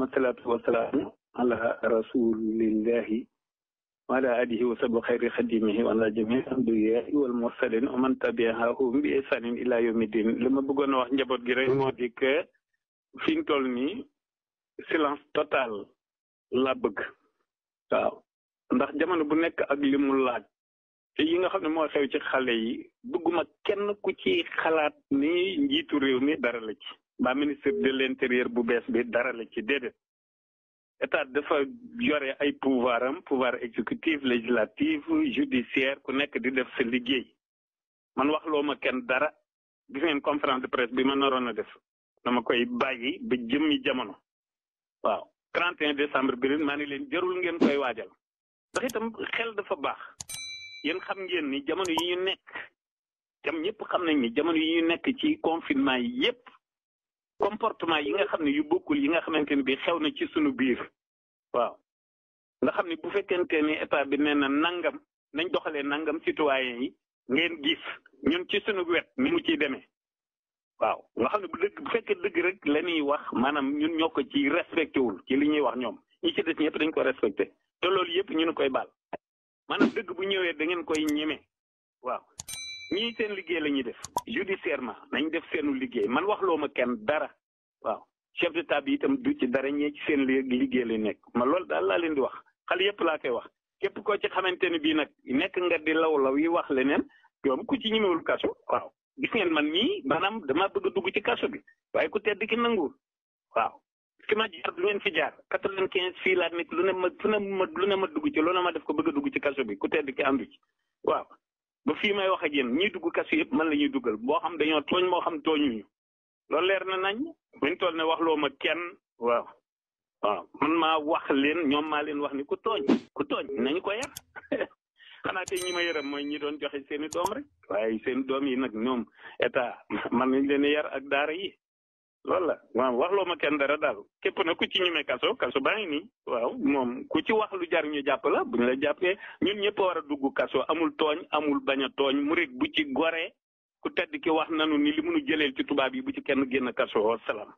wasalaatu wasalaamu man tabiahahum li ma bëggoon wax njaboot gi rek moo di que toll nii silence total la bëgg waaw ndax jamono bu nekk ak li mu laaj te yi nga xam ne moo xew ci xale yi bëgguma kenn ku ci xalaat ni njiitu réew mi dara la ci mbaa ministre de l'intérieur bu bees bi dara la ci déedéet état dafa yore ay pouvoir am pouvoir exécutif législatif judiciaire ku nekk di def sa liggéey man wax loo ma kenn dara gis ngeen conférence de presse bi ma naroon a def dama koy bàyyi ba jëmmi jamono waaw 31 décembre bi maa ngi leen jarul ngeen koy waajal ndax xel dafa baax yéen xam ngeen ni jamono yi ñu nekk tam ñëpp xam nañ ni jamono yi ñu nekk ci confinement yi yépp comportement yi nga xam ne yu bokkul yi nga xamante ne bi xew na ci sunu biir waaw nga xam ne bu fekkente ni état bi nee na nangam nañ doxalee nangam citoyen yi ngeen gis ñun ci sunu wet ni mu ciy demee waaw nga xam ne bu dëgg bu fekkee dëgg rek la ñuy wax maanaam ñun ñoo ko ci respecté wul ci li ñuy wax ñoom ñi ci des ñëpp dañ ko respecté te loolu yëpp ñu ngi koy baal maanaam dëgg bu ñëwee da koy ñeme waaw ñii seen liggéey la ñuy def judiciairement nañ def seenu liggéey man wax loo ma kenn dara waaw chef d'état bi tam du ci dara ñee ci seen liggéey la nekk ma loolu daal laa leen di wax xale yépp laa koy wax képp koo ci xamante ne bii nag nekk nga di law law yi wax leneen yoom ku ci ñemewul kaso waaw gis ngeen man nii maanaam damaa bëgg a dugg ci kaso bi waaye ku tedd ki nanguwul waaw ki ma jaar lu ngeen fi jaar quatre-vingt-quinze fii laa nekk lu ne ma fu ne ma lu ne ma dugg ci loolu ma def ko bëgg dugg ci kaso bi ku tedd ki àndu ci waaw ba fii may wax ak yéen ñiy dugg kaso yëpp man lañuy ñuy duggal boo xam dañoo tooñ moo xam tooñuñu loolu leer na nañ buñ toll ne waxloo ma kenn waaw waaw man maa wax leen ñoom maa leen wax ni ku tooñ ku tooñ nañu ko yar xanaa tey ñi ma yërëm mooy ñi doon joxe seen i doom rek waaye seen doom yi nag ñoom état man nañ leen yar ak daara yi loolu la waaw waxloo ma kenn dara daal képp na ku ci ñemee kaso kaso baa ngi nii waaw moom ku ci wax lu jar ñu jàpp la bu ñu la jàppee ñun ñëpp war a dugg kaso amul tooñ amul bañ a tooñ murit bu ci goree ku tedd ki wax nanu ni li mënu jëleel ci tubaab yi bu ci kenn génn kaso wa salaam